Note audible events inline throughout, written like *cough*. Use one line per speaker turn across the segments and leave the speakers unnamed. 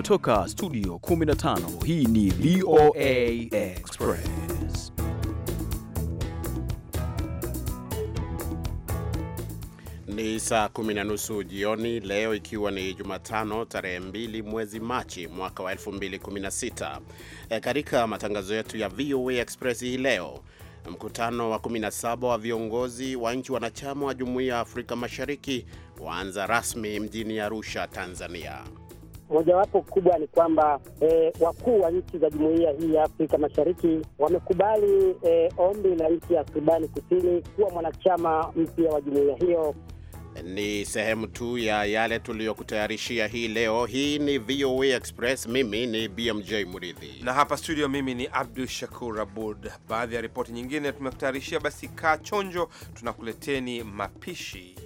Kutoka studio 15 hii ni VOA Express. Ni saa kumi na nusu jioni leo, ikiwa ni Jumatano tarehe 2 mwezi Machi mwaka wa 2016. E, katika matangazo yetu ya VOA Express hii leo Mkutano wa 17 wa viongozi wa nchi wanachama wa Jumuiya ya Afrika Mashariki waanza rasmi mjini Arusha, Tanzania
mojawapo kubwa ni kwamba e, wakuu wa nchi za jumuiya hii ya Afrika Mashariki wamekubali e, ombi la nchi ya Sudani Kusini kuwa mwanachama mpya wa jumuiya hiyo.
Ni sehemu tu ya yale tuliyokutayarishia hii leo. Hii ni VOA Express, mimi ni BMJ Muridhi na hapa studio, mimi ni Abdu Shakur Abud. Baadhi ya ripoti nyingine tumekutayarishia,
basi kaa chonjo, tunakuleteni mapishi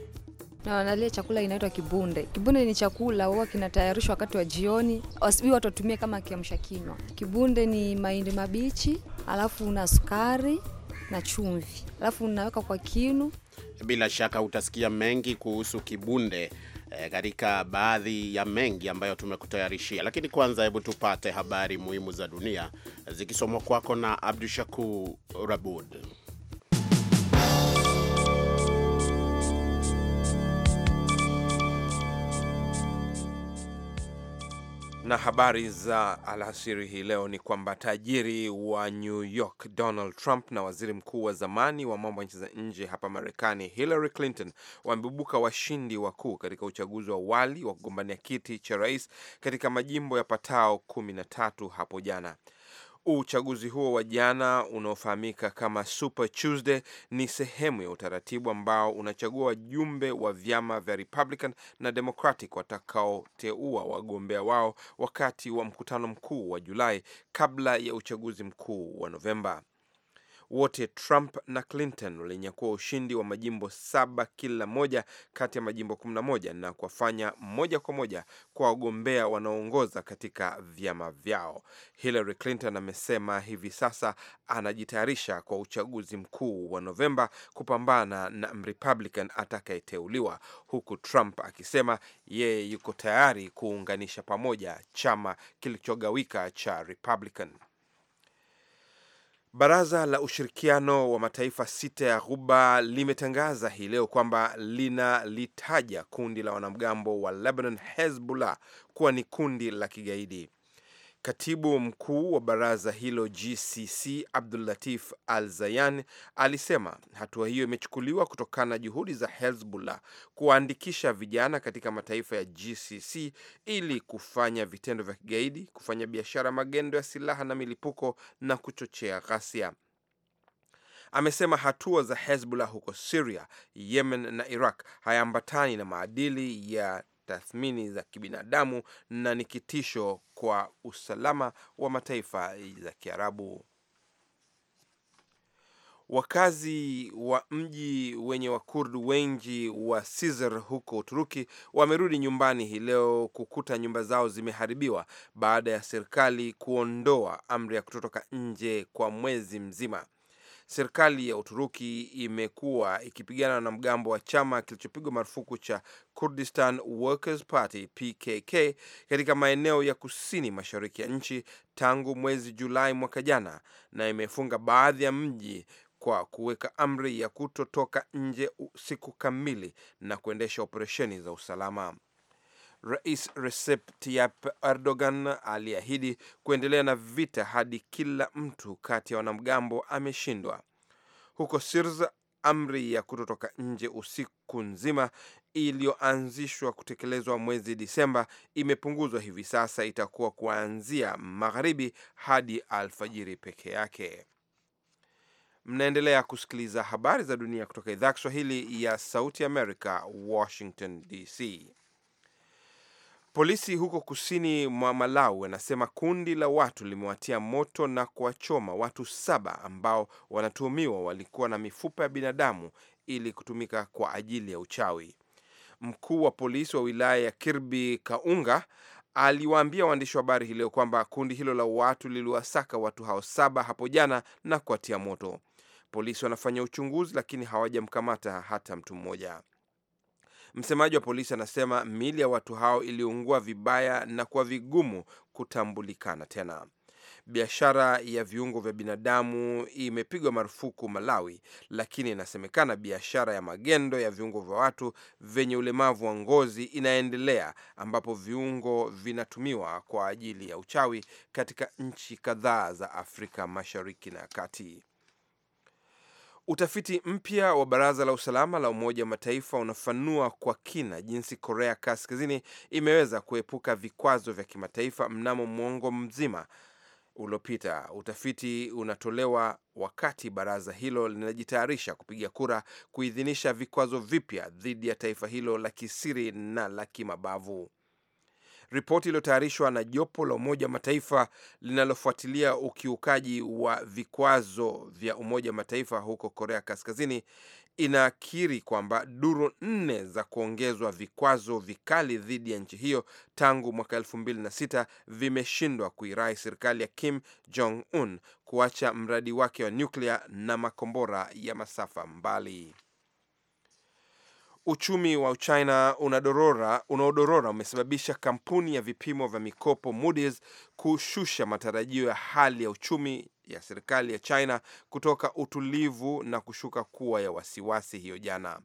na wanalia chakula inaitwa kibunde. Kibunde ni chakula huwa kinatayarishwa wakati wa jioni, wasibi watu watumie kama kiamsha kinywa. Kibunde ni mahindi mabichi, alafu una sukari na chumvi, alafu unaweka kwa kinu.
Bila shaka utasikia mengi kuhusu kibunde eh, katika e, baadhi ya mengi ambayo tumekutayarishia, lakini kwanza, hebu tupate habari muhimu za dunia zikisomwa kwako na Abdushakur Rabud.
Na habari za alasiri hii leo ni kwamba tajiri wa New York Donald Trump na waziri mkuu wa zamani wa mambo ya nchi za nje hapa Marekani Hillary Clinton wamebubuka washindi wakuu katika uchaguzi wa awali wa kugombania kiti cha rais katika majimbo yapatao kumi na tatu hapo jana. Uchaguzi huo wa jana unaofahamika kama Super Tuesday ni sehemu ya utaratibu ambao unachagua wajumbe wa vyama vya Republican na Democratic watakaoteua wagombea wao wakati wa mkutano mkuu wa Julai kabla ya uchaguzi mkuu wa Novemba wote Trump na Clinton walinyakua ushindi wa majimbo saba kila moja kati ya majimbo 11 na kuwafanya moja kwa moja kwa wagombea wanaoongoza katika vyama vyao. Hillary Clinton amesema hivi sasa anajitayarisha kwa uchaguzi mkuu wa Novemba kupambana na Mrepublican atakayeteuliwa, huku Trump akisema yeye yuko tayari kuunganisha pamoja chama kilichogawika cha Republican. Baraza la ushirikiano wa mataifa sita ya Ghuba limetangaza hii leo kwamba linalitaja kundi la wanamgambo wa Lebanon Hezbollah kuwa ni kundi la kigaidi. Katibu mkuu wa baraza hilo GCC Abdulatif Al Zayan alisema hatua hiyo imechukuliwa kutokana na juhudi za Hezbollah kuwaandikisha vijana katika mataifa ya GCC ili kufanya vitendo vya kigaidi, kufanya biashara magendo ya silaha na milipuko na kuchochea ghasia. Amesema hatua za Hezbollah huko Siria, Yemen na Iraq hayaambatani na maadili ya tathmini za kibinadamu na ni kitisho kwa usalama wa mataifa za Kiarabu. Wakazi wa mji wenye Wakurdu wengi wa Sizer huko Uturuki wamerudi nyumbani hii leo kukuta nyumba zao zimeharibiwa baada ya serikali kuondoa amri ya kutotoka nje kwa mwezi mzima serikali ya Uturuki imekuwa ikipigana na mgambo wa chama kilichopigwa marufuku cha Kurdistan Workers Party PKK katika maeneo ya kusini mashariki ya nchi tangu mwezi Julai mwaka jana, na imefunga baadhi ya mji kwa kuweka amri ya kutotoka nje usiku kamili na kuendesha operesheni za usalama. Rais Recep Tayyip Erdogan aliahidi kuendelea na vita hadi kila mtu kati ya wanamgambo ameshindwa. Huko Sirza, amri ya kutotoka nje usiku nzima iliyoanzishwa kutekelezwa mwezi Disemba imepunguzwa hivi sasa, itakuwa kuanzia magharibi hadi alfajiri peke yake. Mnaendelea kusikiliza habari za dunia kutoka idhaa ya Kiswahili ya Sauti Amerika, Washington DC. Polisi huko kusini mwa Malawi wanasema kundi la watu limewatia moto na kuwachoma watu saba ambao wanatuhumiwa walikuwa na mifupa ya binadamu ili kutumika kwa ajili ya uchawi. Mkuu wa polisi wa wilaya ya Kirbi Kaunga aliwaambia waandishi wa habari hii leo kwamba kundi hilo la watu liliwasaka watu hao saba hapo jana na kuwatia moto. Polisi wanafanya uchunguzi, lakini hawajamkamata hata mtu mmoja. Msemaji wa polisi anasema miili ya watu hao iliungua vibaya na kuwa vigumu kutambulikana tena. Biashara ya viungo vya binadamu imepigwa marufuku Malawi, lakini inasemekana biashara ya magendo ya viungo vya watu vyenye ulemavu wa ngozi inaendelea, ambapo viungo vinatumiwa kwa ajili ya uchawi katika nchi kadhaa za Afrika Mashariki na Kati. Utafiti mpya wa Baraza la Usalama la Umoja wa Mataifa unafanua kwa kina jinsi Korea Kaskazini imeweza kuepuka vikwazo vya kimataifa mnamo mwongo mzima uliopita. Utafiti unatolewa wakati baraza hilo linajitayarisha kupiga kura kuidhinisha vikwazo vipya dhidi ya taifa hilo la kisiri na la kimabavu ripoti iliyotayarishwa na jopo la Umoja Mataifa linalofuatilia ukiukaji wa vikwazo vya Umoja Mataifa huko Korea Kaskazini inakiri kwamba duru nne za kuongezwa vikwazo vikali dhidi ya nchi hiyo tangu mwaka elfu mbili na sita vimeshindwa kuirai serikali ya Kim Jong Un kuacha mradi wake wa nyuklia na makombora ya masafa mbali. Uchumi wa Uchina unadorora unaodorora umesababisha kampuni ya vipimo vya mikopo Moody's kushusha matarajio ya hali ya uchumi ya serikali ya China kutoka utulivu na kushuka kuwa ya wasiwasi hiyo jana.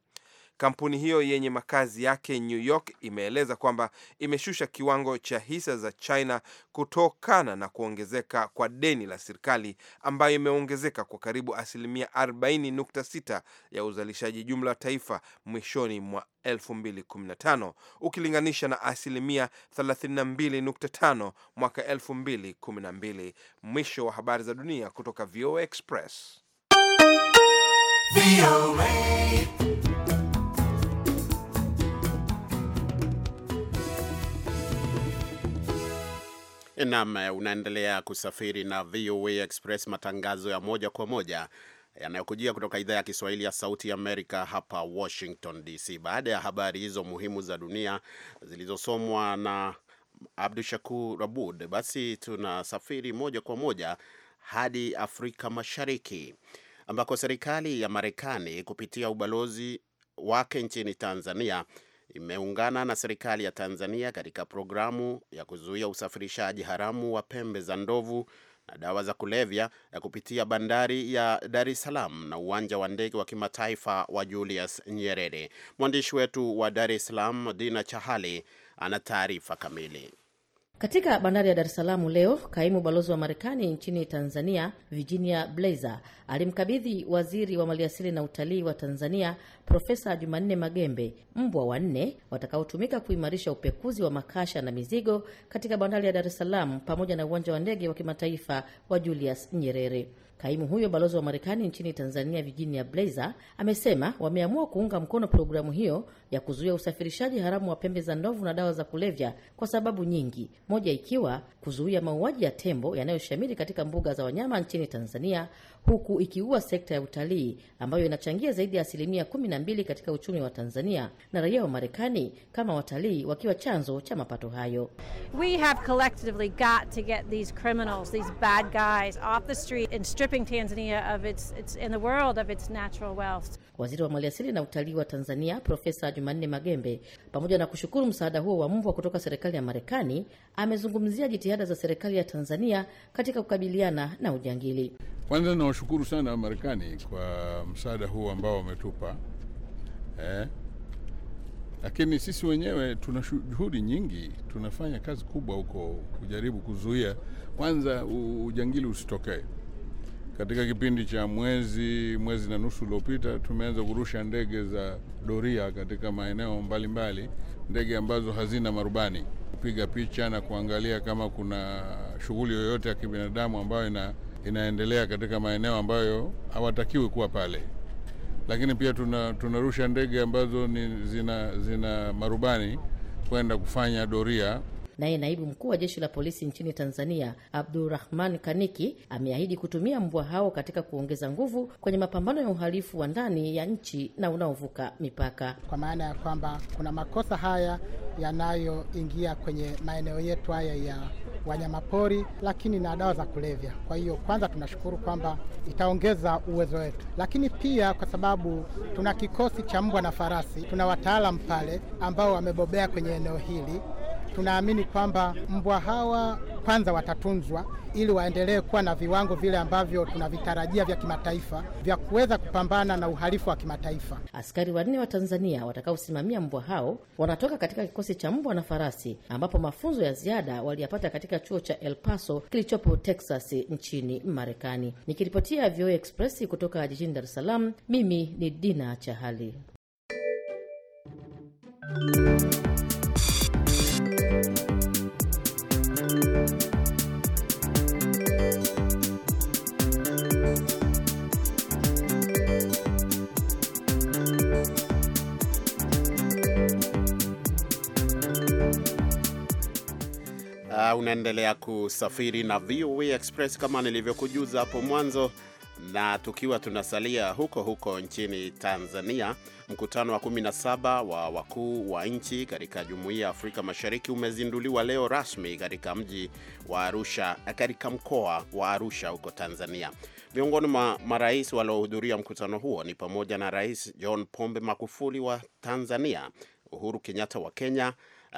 Kampuni hiyo yenye makazi yake New York imeeleza kwamba imeshusha kiwango cha hisa za China kutokana na kuongezeka kwa deni la serikali ambayo imeongezeka kwa karibu asilimia 40.6 ya uzalishaji jumla wa taifa mwishoni mwa 2015 ukilinganisha na asilimia 32.5 mwaka 2012. Mwisho wa habari za dunia kutoka VOA Express.
nam eh, unaendelea kusafiri na VOA Express, matangazo ya moja kwa moja yanayokujia kutoka idhaa ya Kiswahili ya Sauti Amerika hapa Washington DC. Baada ya habari hizo muhimu za dunia zilizosomwa na Abdu Shakur Abud, basi tunasafiri moja kwa moja hadi Afrika Mashariki ambako serikali ya Marekani kupitia ubalozi wake nchini Tanzania imeungana na serikali ya Tanzania katika programu ya kuzuia usafirishaji haramu wa pembe za ndovu na dawa za kulevya ya kupitia bandari ya Dar es Salaam na uwanja wa ndege wa kimataifa wa Julius Nyerere. Mwandishi wetu wa Dar es Salaam Dina Chahali ana taarifa kamili.
Katika bandari ya Dar es Salaam leo, kaimu balozi wa Marekani nchini Tanzania Virginia Blazer alimkabidhi waziri wa maliasili na utalii wa Tanzania Profesa Jumanne Magembe mbwa wanne watakaotumika kuimarisha upekuzi wa makasha na mizigo katika bandari ya Dar es Salaam pamoja na uwanja wa ndege wa kimataifa wa Julius Nyerere. Kaimu huyo balozi wa Marekani nchini Tanzania, Virginia Blazer, amesema wameamua kuunga mkono programu hiyo ya kuzuia usafirishaji haramu wa pembe za ndovu na dawa za kulevya kwa sababu nyingi, moja ikiwa kuzuia mauaji ya tembo yanayoshamiri katika mbuga za wanyama nchini Tanzania, huku ikiua sekta ya utalii ambayo inachangia zaidi ya asilimia kumi na mbili katika uchumi wa Tanzania na raia wa Marekani kama watalii wakiwa chanzo cha mapato hayo. We have collectively got to get these criminals, these bad guys off the street and stripping Tanzania of its, its, in the world of its natural wealth. Waziri wa Maliasili na utalii wa Tanzania Profesa Jumanne Magembe pamoja na kushukuru msaada huo wa mvua kutoka serikali ya Marekani amezungumzia jitihada za serikali ya Tanzania katika kukabiliana na ujangili.
Kwanza nawashukuru sana Wamarekani kwa msaada huu ambao wametupa eh. Lakini sisi wenyewe tuna juhudi nyingi, tunafanya kazi kubwa huko kujaribu kuzuia kwanza ujangili usitokee. Katika kipindi cha mwezi mwezi na nusu uliopita, tumeanza kurusha ndege za doria katika maeneo mbalimbali mbali ndege ambazo hazina marubani, kupiga picha na kuangalia kama kuna shughuli yoyote ya kibinadamu ambayo ina, inaendelea katika maeneo ambayo hawatakiwi kuwa pale. Lakini pia tuna, tunarusha ndege ambazo ni, zina, zina marubani kwenda kufanya doria
Naye naibu mkuu wa jeshi la polisi nchini Tanzania Abdurahman Kaniki ameahidi kutumia mbwa hao katika kuongeza nguvu kwenye mapambano ya uhalifu wa ndani ya nchi na unaovuka mipaka, kwa maana ya kwamba kuna makosa haya yanayoingia kwenye maeneo yetu haya ya wanyamapori lakini
na dawa za kulevya. Kwa hiyo kwanza tunashukuru kwamba itaongeza uwezo wetu, lakini pia kwa sababu tuna kikosi cha mbwa na farasi, tuna wataalam pale ambao wamebobea kwenye eneo hili tunaamini kwamba mbwa hawa kwanza watatunzwa
ili waendelee kuwa na viwango vile ambavyo tunavitarajia vya kimataifa vya kuweza kupambana na uhalifu wa kimataifa. Askari wanne wa Tanzania watakaosimamia mbwa hao wanatoka katika kikosi cha mbwa na farasi, ambapo mafunzo ya ziada waliyapata katika chuo cha El Paso kilichopo Texas nchini Marekani. Nikiripotia VOA Express kutoka jijini Dar es Salaam, mimi ni Dina Chahali.
unaendelea kusafiri na VOA Express kama nilivyokujuza hapo mwanzo na tukiwa tunasalia huko huko nchini Tanzania, mkutano wa 17 wa wakuu wa nchi katika jumuiya ya Afrika Mashariki umezinduliwa leo rasmi katika mji wa Arusha, katika mkoa wa Arusha huko Tanzania. Miongoni mwa marais waliohudhuria mkutano huo ni pamoja na Rais John Pombe Magufuli wa Tanzania, Uhuru Kenyatta wa Kenya,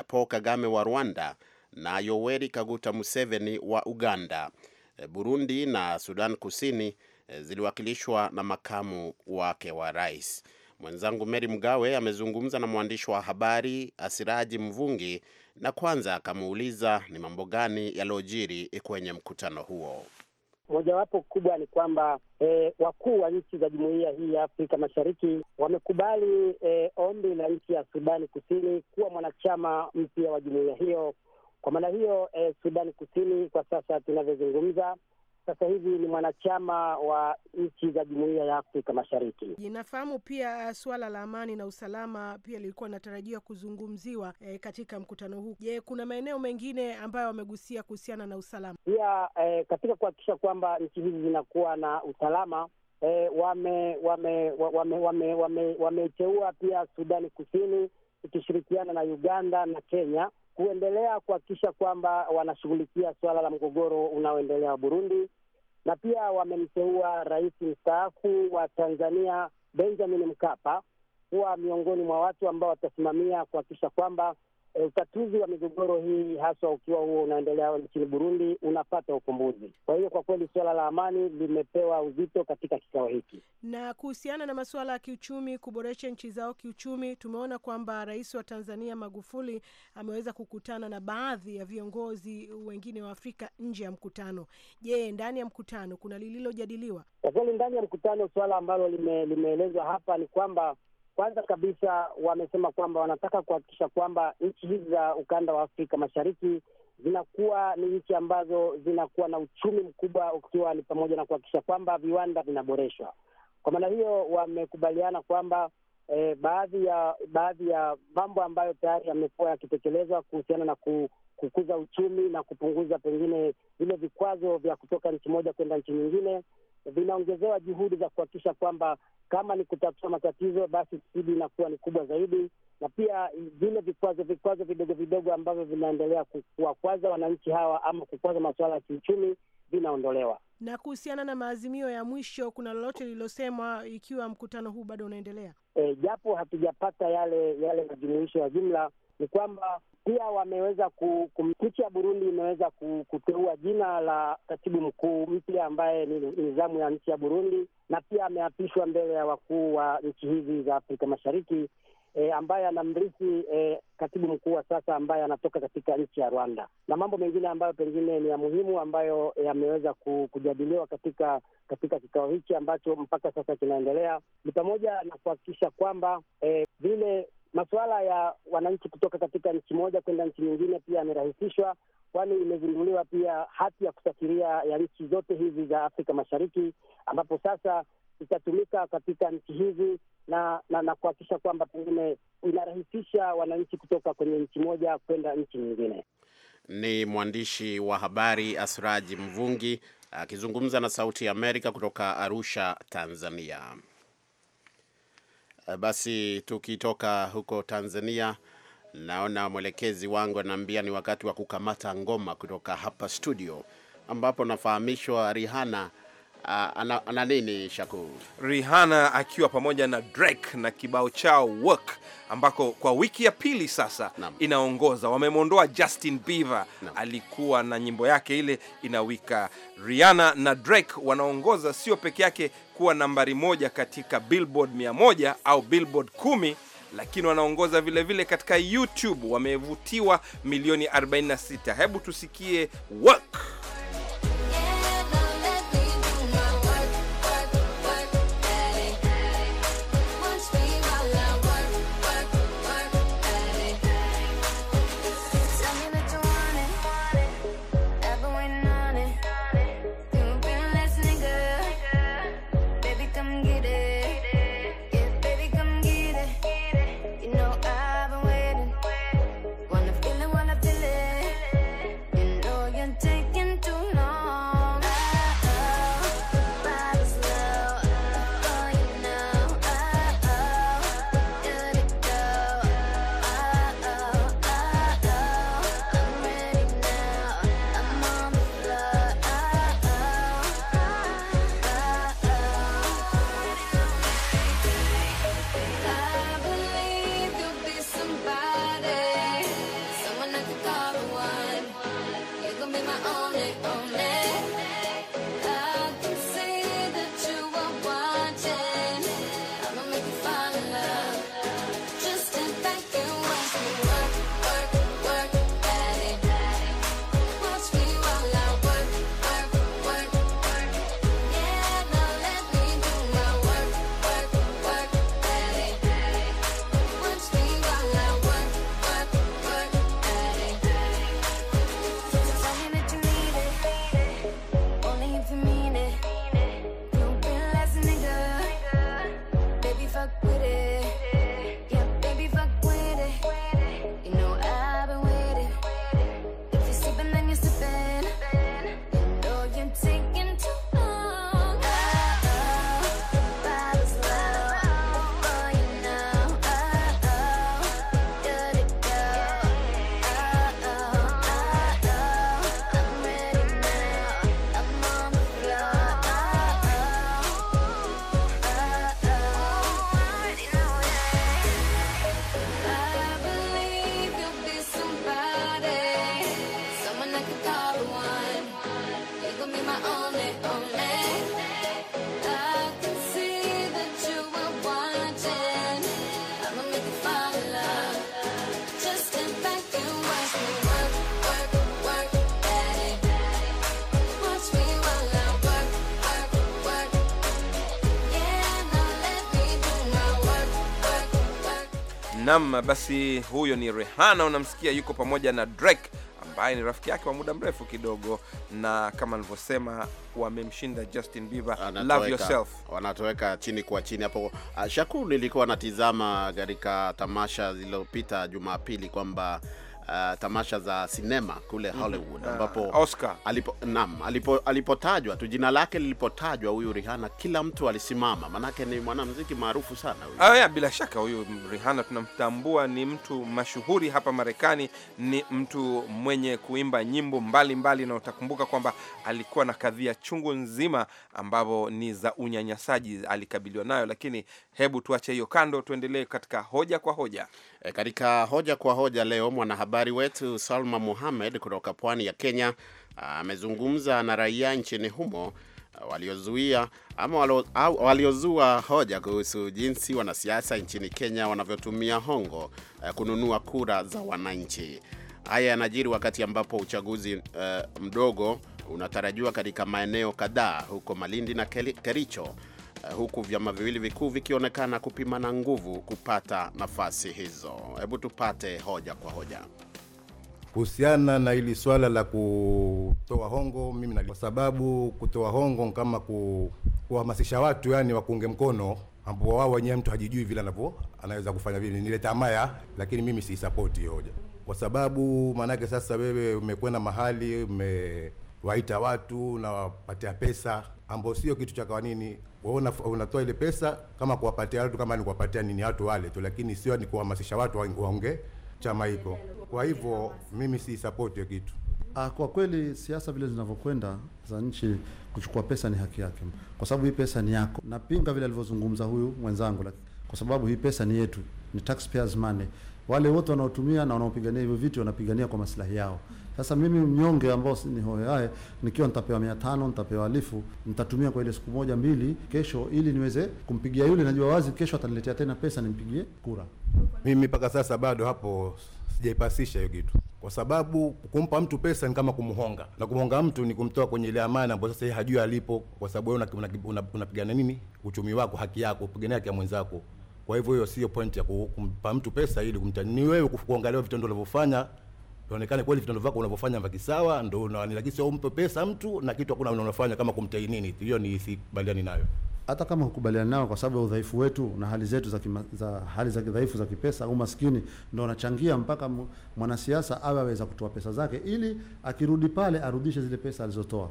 Paul Kagame wa Rwanda na Yoweri Kaguta Museveni wa Uganda. Eh, Burundi na Sudan Kusini eh, ziliwakilishwa na makamu wake wa rais. Mwenzangu Meri Mgawe amezungumza na mwandishi wa habari Asiraji Mvungi na kwanza akamuuliza ni mambo gani yaliyojiri kwenye mkutano huo.
Mojawapo kubwa ni kwamba e, wakuu wa nchi za jumuiya hii ya Afrika Mashariki wamekubali e, ombi la nchi ya Sudani Kusini kuwa mwanachama mpya wa jumuiya hiyo kwa maana hiyo eh, Sudani Kusini kwa sasa tunavyozungumza sasa hivi ni mwanachama wa nchi za jumuiya ya Afrika Mashariki.
Inafahamu pia ah, suala la amani na usalama pia lilikuwa linatarajiwa kuzungumziwa e, katika mkutano huu. Je, kuna maeneo mengine ambayo wamegusia kuhusiana na usalama
pia e, katika kuhakikisha kwamba nchi hizi zinakuwa na usalama e, wame wame, wame, wame, wame pia Sudani Kusini ikishirikiana na Uganda na Kenya kuendelea kuhakikisha kwamba wanashughulikia suala la mgogoro unaoendelea wa Burundi, na pia wamemteua rais mstaafu wa Tanzania Benjamin Mkapa kuwa miongoni mwa watu ambao watasimamia kuhakikisha kwamba e, utatuzi wa migogoro hii haswa ukiwa huo unaendelea nchini Burundi unapata ufumbuzi. Kwa hiyo kwa kweli suala la amani limepewa uzito katika kikao hiki.
Na kuhusiana na masuala ya kiuchumi, kuboresha nchi zao kiuchumi, tumeona kwamba Rais wa Tanzania Magufuli ameweza kukutana na baadhi ya viongozi wengine wa Afrika nje ya mkutano. Je, ndani ya mkutano kuna lililojadiliwa?
Kwa kweli ndani ya mkutano suala ambalo lime, limeelezwa hapa ni kwamba kwanza kabisa wamesema kwamba wanataka kuhakikisha kwamba nchi hizi za ukanda wa Afrika Mashariki zinakuwa ni nchi ambazo zinakuwa na uchumi mkubwa, ukiwa ni pamoja na kuhakikisha kwamba viwanda vinaboreshwa. Kwa maana hiyo, wamekubaliana kwamba e, baadhi ya baadhi ya mambo ambayo tayari yamekuwa yakitekelezwa kuhusiana na ku, kukuza uchumi na kupunguza pengine vile vikwazo vya kutoka nchi moja kwenda nchi nyingine vinaongezewa juhudi za kuhakikisha kwamba kama ni kutatua matatizo, basi spidi inakuwa ni kubwa zaidi, na pia eh, vile vikwazo vikwazo vidogo vidogo ambavyo vinaendelea kuwakwaza wananchi hawa ama kukwaza masuala ya kiuchumi vinaondolewa.
Na kuhusiana na maazimio ya mwisho, kuna lolote lililosemwa ikiwa mkutano huu bado unaendelea?
E, japo hatujapata yale yale majumuisho ya jumla, ni kwamba pia wameweza nchi ya Burundi imeweza kuteua jina la katibu mkuu mpya ambaye ni nizamu ya nchi ya Burundi, na pia ameapishwa mbele ya wakuu wa nchi hizi za Afrika Mashariki e, ambaye anamrithi e, eh, katibu mkuu wa sasa ambaye anatoka katika nchi ya Rwanda na mambo mengine ambayo pengine ni ya muhimu ambayo yameweza kujadiliwa katika katika kikao hiki ambacho mpaka sasa kinaendelea ni pamoja na kuhakikisha kwamba eh, vile masuala ya wananchi kutoka katika nchi moja kwenda nchi nyingine pia yamerahisishwa, kwani imezinduliwa pia hati ya kusafiria ya nchi zote hizi za Afrika Mashariki, ambapo sasa itatumika katika nchi hizi na na, na kuhakikisha kwamba pengine inarahisisha wananchi kutoka kwenye nchi moja kwenda nchi nyingine.
Ni mwandishi wa habari Asraji Mvungi akizungumza na Sauti ya Amerika kutoka Arusha, Tanzania. Eh, basi tukitoka huko Tanzania, naona mwelekezi wangu anaambia ni wakati wa kukamata ngoma kutoka hapa studio, ambapo nafahamishwa Rihanna ana, ana nini Shaku? Rihanna akiwa pamoja na Drake na kibao chao work ambako kwa wiki ya pili sasa Nam.
inaongoza wamemwondoa Justin Bieber Nam. alikuwa na nyimbo yake ile inawika. Rihanna na Drake wanaongoza sio peke yake kuwa nambari moja katika Billboard 100 au Billboard 10 lakini wanaongoza vile vile katika YouTube, wamevutiwa milioni 46. Hebu tusikie work Naam, basi huyo ni Rihanna, unamsikia yuko pamoja na Drake ambaye ni rafiki yake wa muda mrefu kidogo, na kama alivyosema
wamemshinda Justin Bieber Love Yourself, wanatoweka chini kwa chini hapo. Uh, Shakuru, nilikuwa natizama katika tamasha lililopita Jumapili kwamba uh, tamasha za sinema kule mhm. Hollywood uh, ambapo mm uh, Oscar alipo, naam, alipo, alipotajwa tu jina lake lilipotajwa huyu Rihanna, kila mtu alisimama, manake ni mwanamuziki maarufu sana huyu. Oh, yeah, bila shaka huyu Rihanna tunamtambua ni mtu mashuhuri hapa Marekani,
ni mtu mwenye kuimba nyimbo mbalimbali mbali, na utakumbuka kwamba alikuwa na kadhia chungu nzima ambapo ni za unyanyasaji alikabiliwa nayo, lakini
hebu tuache hiyo kando, tuendelee katika hoja kwa hoja. E, katika hoja kwa hoja leo mwanahabari wetu Salma Mohamed kutoka pwani ya Kenya ah, amezungumza na raia nchini humo ah, waliozuia ama waliozua hoja kuhusu jinsi wanasiasa nchini Kenya wanavyotumia hongo eh, kununua kura za wananchi. Haya yanajiri wakati ambapo uchaguzi uh, mdogo unatarajiwa katika maeneo kadhaa huko Malindi na Kericho Eh, huku vyama viwili vikuu vikionekana kupimana nguvu kupata nafasi hizo. Hebu tupate hoja kwa hoja
kuhusiana na hili swala la kutoa hongo. Mimi kwa sababu kutoa hongo kama kuhamasisha watu yani wakuunge mkono ambao wao wenyewe mtu hajijui vile anavyo anaweza kufanya vile nile tamaa, lakini mimi si support hiyo hoja, kwa sababu maanake sasa wewe umekwenda mahali umewaita watu na wapatia pesa ambao sio kitu cha kawanini. Wewe unatoa ile pesa kama kuwapatia watu, kama ni kuwapatia nini watu wale tu, lakini sio ni kuhamasisha watu waonge chama hiko.
Kwa hivyo mimi si support hiyo kitu. Ah, kwa kweli siasa vile zinavyokwenda za nchi, kuchukua pesa ni haki yake, kwa sababu hii pesa ni yako. Napinga vile alivyozungumza huyu mwenzangu, kwa sababu hii pesa ni yetu, ni taxpayers money. Wale wote wanaotumia na wanaopigania hivyo vitu wanapigania kwa maslahi yao. Sasa mimi mnyonge ambao ni hoheae, nikiwa nitapewa mia tano nitapewa elfu, nitatumia kwa ile siku moja mbili kesho, ili niweze kumpigia yule najua wazi kesho ataniletea tena pesa nimpigie kura. Mimi mpaka sasa bado hapo sijaipasisha
hiyo kitu, kwa sababu kumpa mtu pesa ni kama kumhonga, na kumhonga mtu ni kumtoa kwenye ile amana ambayo sasa hajui alipo, kwa sababu wewe unapigana una, una nini, uchumi wako, haki yako, upigania haki ya mwenzako. Kwa hivyo hiyo sio point ya kumpa mtu pesa ili kumtania. Ni wewe kuangalia vitendo unavyofanya ionekane kweli vitendo vyako unavyofanya vikisawa, ndio unanilakisi au mpe pesa mtu na kitu hakuna unafanya kama kumtai nini. Hiyo ni sikubaliani nayo,
hata kama hukubaliani nao, kwa sababu ya udhaifu wetu na hali zetu za, kima, za hali za kidhaifu za kipesa au maskini, ndio unachangia mpaka mwanasiasa awe aweza kutoa pesa zake, ili akirudi pale arudishe zile pesa alizotoa,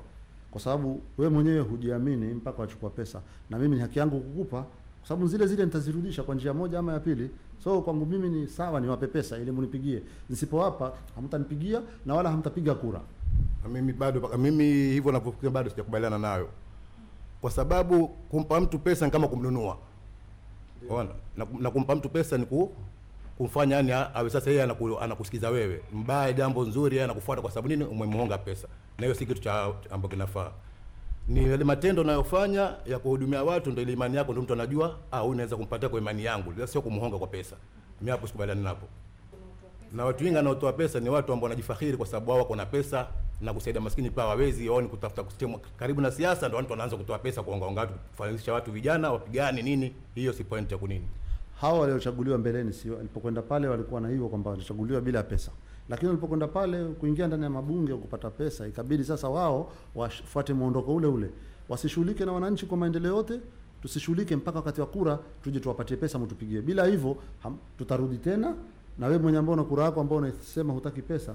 kwa sababu we mwenyewe hujiamini mpaka wachukua pesa, na mimi ni haki yangu kukupa kwa sababu zile zile nitazirudisha kwa njia moja ama ya pili. So kwangu mimi ni sawa, niwape pesa ili munipigie, nisipowapa hamtanipigia na wala hamtapiga kura. Na mimi bado mimi hivyo ninavyofikiria
bado sijakubaliana nayo, kwa sababu kumpa mtu pesa ni kama kumnunua. Unaona, na, na kumpa mtu pesa ni ku, kumfanya yani awe sasa yeye anaku, anakusikiza wewe mbaya, jambo nzuri, yeye anakufuata kwa sababu nini? Umemwonga pesa, na hiyo si kitu cha ambacho kinafaa ni yale matendo unayofanya ya kuhudumia watu, ndio ile imani yako, ndio mtu anajua ah, huyu naweza kumpatia kwa imani yangu, ila sio kumhonga kwa pesa. Mimi hapo sikubaliani napo, na watu wengi wanaotoa pesa ni watu ambao wanajifakhiri kwa sababu wao wako na pesa na kusaidia maskini pia hawawezi, wao ni kutafuta kusema karibu na siasa, ndio watu wanaanza kutoa pesa kwa kuongaonga watu, kufanisha watu vijana wapigane nini. Hiyo si point
ya kunini. Hao waliochaguliwa mbeleni, sio alipokwenda pale, walikuwa na hiyo kwamba walichaguliwa bila pesa lakini ulipokwenda pale kuingia ndani ya mabunge kupata pesa, ikabidi sasa wao wafuate muondoko ule ule, wasishughulike na wananchi kwa maendeleo yote, tusishughulike mpaka wakati wa kura tuje tuwapatie pesa mtupigie. Bila hivyo tutarudi tena, na wewe mwenye ambao una kura yako ambao unasema hutaki pesa,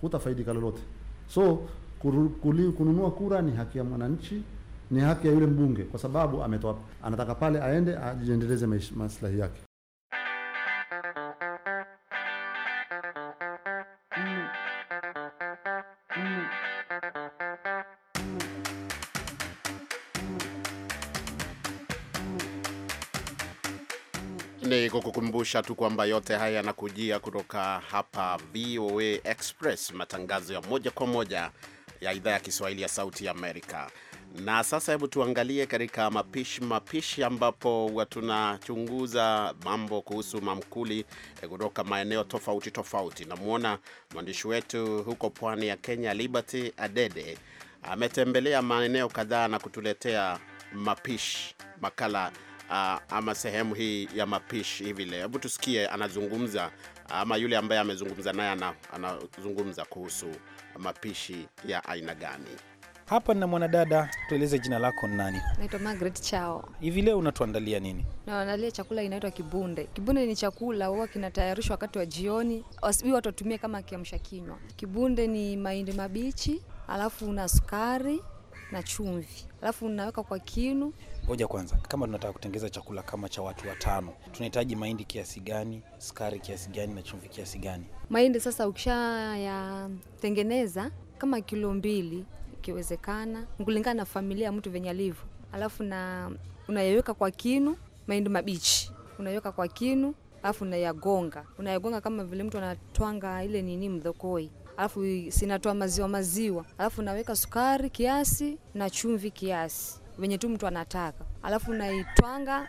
hutafaidika lolote. So kuru, kuli, kununua kura ni haki ya mwananchi, ni haki ya yule mbunge, kwa sababu ametoa anataka pale aende ajiendeleze maslahi yake.
kukumbusha tu kwamba yote haya yanakujia kutoka hapa VOA Express, matangazo ya moja kwa moja ya idhaa ya Kiswahili ya Sauti ya Amerika. Na sasa hebu tuangalie katika mapishi mapishi, ambapo tunachunguza mambo kuhusu mamkuli eh, kutoka maeneo tofauti tofauti. Namwona mwandishi wetu huko pwani ya Kenya, Liberty Adede ametembelea maeneo kadhaa na kutuletea mapishi makala uh, ama sehemu hii ya mapishi hivi leo. Hebu tusikie anazungumza ama yule ambaye amezungumza naye anazungumza kuhusu mapishi ya aina gani. Hapa na mwanadada, tueleze jina lako nani?
Naitwa Margaret Chao.
Hivi leo unatuandalia nini?
Naandalia chakula inaitwa kibunde. Kibunde ni chakula huwa kinatayarishwa wakati wa jioni, asubuhi watu watumie kama kiamsha kinywa. Kibunde ni mahindi mabichi, alafu una sukari na chumvi, alafu unaweka kwa kinu.
Ngoja kwanza, kama tunataka kutengeza chakula kama cha watu watano, tunahitaji mahindi kiasi gani, sukari kiasi gani na chumvi kiasi gani?
Mahindi sasa ukishayatengeneza kama kilo mbili ikiwezekana, kulingana na familia ya mtu venye alivyo, alafu na unayeweka kwa kinu. Mahindi mabichi unaweka kwa kinu, alafu unayagonga, unayagonga kama vile mtu anatwanga ile nini mdhokoi alafu sinatoa maziwa maziwa, alafu naweka sukari kiasi na chumvi kiasi venye tu mtu anataka, alafu naitwanga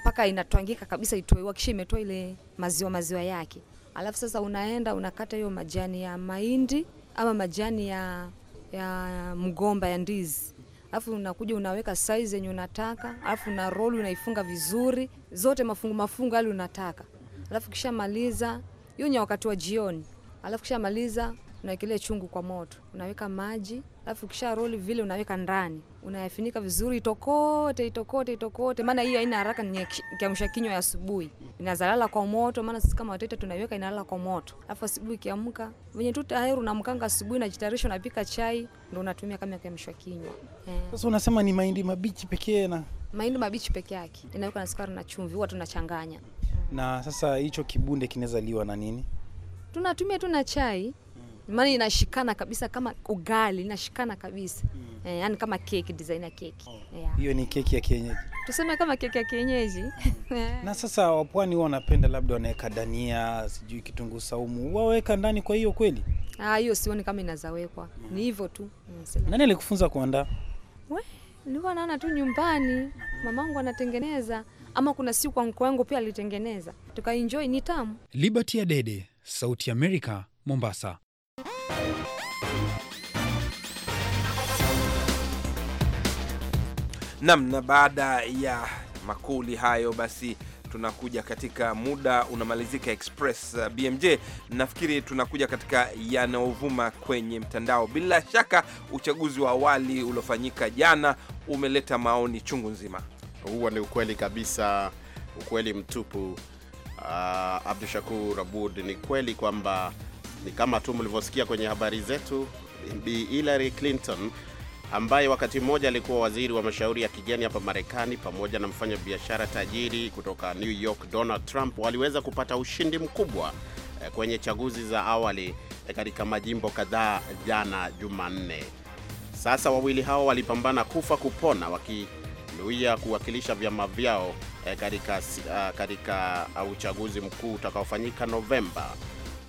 mpaka inatwangika kabisa, itoe wakisha imetoa ile maziwa maziwa yake, alafu sasa unaenda unakata hiyo majani ya mahindi ama majani ya, ya mgomba ya ndizi alafu unakuja unaweka size yenye unataka, alafu na roll unaifunga vizuri zote mafungu mafungu hali unataka, alafu kishamaliza hiyo ni wakati wa jioni alafu kisha maliza unawekelea chungu kwa moto, unaweka maji, alafu kisha roli vile unaweka ndani, unayafinika vizuri, itokote itokote itokote, maana hiyo haina haraka, ni kiamsha kinywa ya asubuhi, inazalala kwa moto, maana sisi kama watoto tunaiweka inalala kwa moto, alafu asubuhi kiamka wenye tu tayari unamkanga asubuhi, najitayarisha, unapika chai, ndio unatumia kama kiamsha kinywa. Eh. Sasa
unasema ni mahindi mabichi pekee na
mahindi mabichi peke yake inawekwa na sukari na chumvi, huwa tunachanganya.
Na sasa hicho kibunde kinaweza liwa na nini?
tunatumia tu na chai mm. maana inashikana kabisa kama ugali inashikana kabisa mm. Eh, yani kama keki, design ya keki hiyo oh.
yeah. ni keki ya kienyeji
tuseme kama keki ya kienyeji mm. *laughs* na
sasa wapwani huwa wanapenda labda wanaweka dania, sijui kitunguu saumu, waweka ndani.
Kwa hiyo kweli
ah, hiyo sioni kama inazawekwa mm. ni hivyo tu
mm, nani alikufunza kuandaa?
We, nilikuwa naona tu nyumbani hmm. mamangu anatengeneza ama kuna siku kwa mko wangu pia alitengeneza tukaenjoy, ni tamu.
Liberty ya Dede Sauti Amerika, Mombasa. Nam, na baada ya makuli hayo basi tunakuja katika muda unamalizika express uh, BMJ. Nafikiri tunakuja katika yanayovuma kwenye mtandao. Bila shaka uchaguzi wa awali uliofanyika
jana umeleta maoni chungu nzima. Huo ni ukweli kabisa, ukweli mtupu uh, Abdu Shakur Abud, ni kweli kwamba ni kama tu mlivyosikia kwenye habari zetu, Bi Hillary Clinton ambaye wakati mmoja alikuwa waziri wa mashauri ya kigeni hapa Marekani pamoja na mfanyabiashara tajiri kutoka New York Donald Trump waliweza kupata ushindi mkubwa eh, kwenye chaguzi za awali eh, katika majimbo kadhaa jana Jumanne. Sasa wawili hao walipambana kufa kupona, waki wananuia kuwakilisha vyama vyao eh, katika, uh, katika ah, uchaguzi mkuu utakaofanyika Novemba.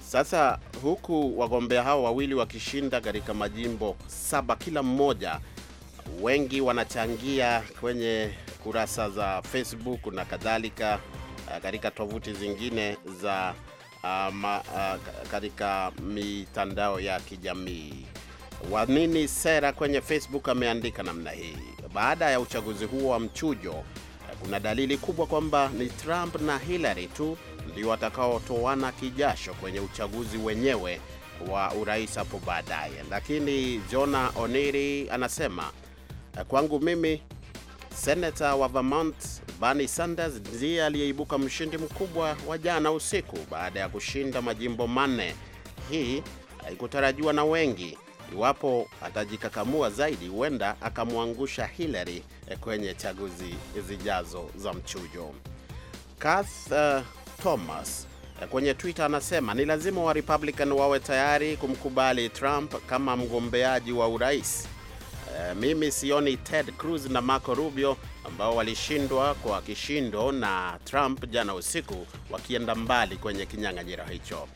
Sasa huku wagombea hao wawili wakishinda katika majimbo saba kila mmoja, wengi wanachangia kwenye kurasa za Facebook na kadhalika eh, katika tovuti zingine za uh, ma, uh, katika mitandao ya kijamii. Wanini Sera kwenye Facebook ameandika namna hii baada ya uchaguzi huo wa mchujo, kuna dalili kubwa kwamba ni Trump na Hillary tu ndio watakaotoana kijasho kwenye uchaguzi wenyewe wa urais hapo baadaye. Lakini Jona Oniri anasema kwangu mimi senata wa Vermont Bernie Sanders ndiye aliyeibuka mshindi mkubwa wa jana usiku baada ya kushinda majimbo manne. Hii haikutarajiwa na wengi, Iwapo atajikakamua zaidi, huenda akamwangusha Hillary eh, kwenye chaguzi zijazo za mchujo. Kath uh, Thomas eh, kwenye Twitter anasema ni lazima wa Republican wawe tayari kumkubali Trump kama mgombeaji wa urais. E, mimi sioni Ted Cruz na Marco Rubio ambao walishindwa kwa kishindo na Trump jana usiku wakienda mbali kwenye kinyang'anyiro hicho.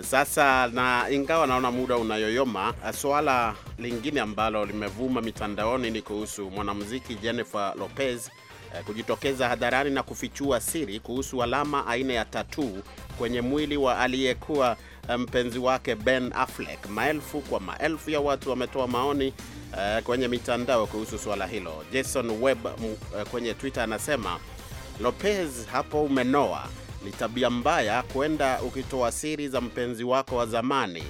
Sasa na ingawa naona muda unayoyoma, swala lingine ambalo limevuma mitandaoni ni kuhusu mwanamuziki Jennifer Lopez eh, kujitokeza hadharani na kufichua siri kuhusu alama aina ya tatuu kwenye mwili wa aliyekuwa eh, mpenzi wake Ben Affleck. Maelfu kwa maelfu ya watu wametoa maoni eh, kwenye mitandao kuhusu swala hilo. Jason Webb mm, kwenye Twitter anasema, Lopez, hapo umenoa ni tabia mbaya kwenda ukitoa siri za mpenzi wako wa zamani.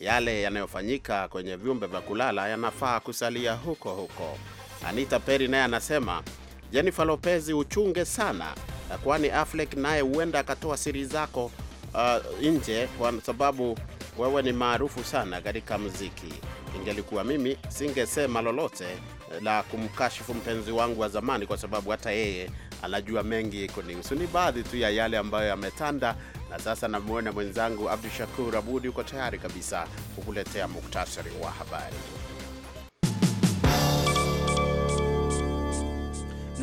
Yale yanayofanyika kwenye vyumba vya kulala yanafaa kusalia huko huko. Anita Peri naye anasema Jennifer Lopez uchunge sana, kwani Affleck naye huenda akatoa siri zako uh, nje, kwa sababu wewe ni maarufu sana katika muziki. Ingelikuwa mimi singesema lolote eh, la kumkashifu mpenzi wangu wa zamani, kwa sababu hata yeye anajua mengi kunihusu. Ni baadhi tu ya yale ambayo yametanda, na sasa namwona mwenzangu Abdu Shakur Abudi, uko tayari kabisa kukuletea muktasari wa habari.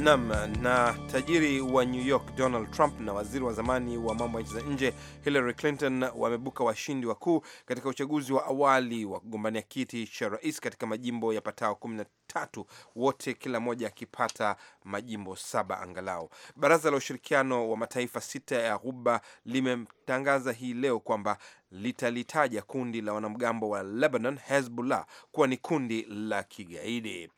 Nam na tajiri wa New York Donald Trump na waziri wa zamani wa mambo ya nchi za nje Hillary Clinton wamebuka washindi wakuu katika uchaguzi wa awali wa kugombania kiti cha rais katika majimbo ya kumi na tatu, wote kila moja akipata majimbo saba angalau. Baraza la Ushirikiano wa Mataifa sita ya Ghuba limetangaza hii leo kwamba litalitaja kundi la wanamgambo wa Lebanon Hezbollah kuwa ni kundi la kigaidi.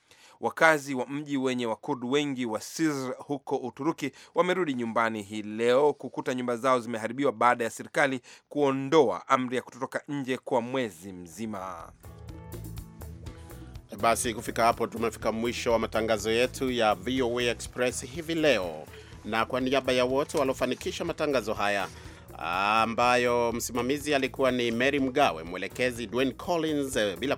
Wakazi wa mji wenye Wakurd wengi wa Sizr huko Uturuki wamerudi nyumbani hii leo kukuta nyumba zao zimeharibiwa baada ya serikali kuondoa amri ya kutotoka
nje kwa mwezi mzima. Basi kufika hapo, tumefika mwisho wa matangazo yetu ya VOA Express hivi leo, na kwa niaba ya wote waliofanikisha matangazo haya ambayo msimamizi alikuwa ni Mary Mgawe, mwelekezi Dwayne Collins, eh, bila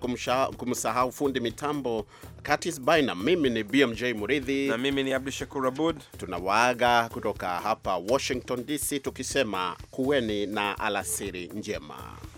kumsahau fundi mitambo Curtis Baina. Mimi ni BMJ Muridhi na mimi ni Abdu Shakur Abud. Tunawaaga kutoka hapa Washington DC tukisema kuweni na alasiri njema.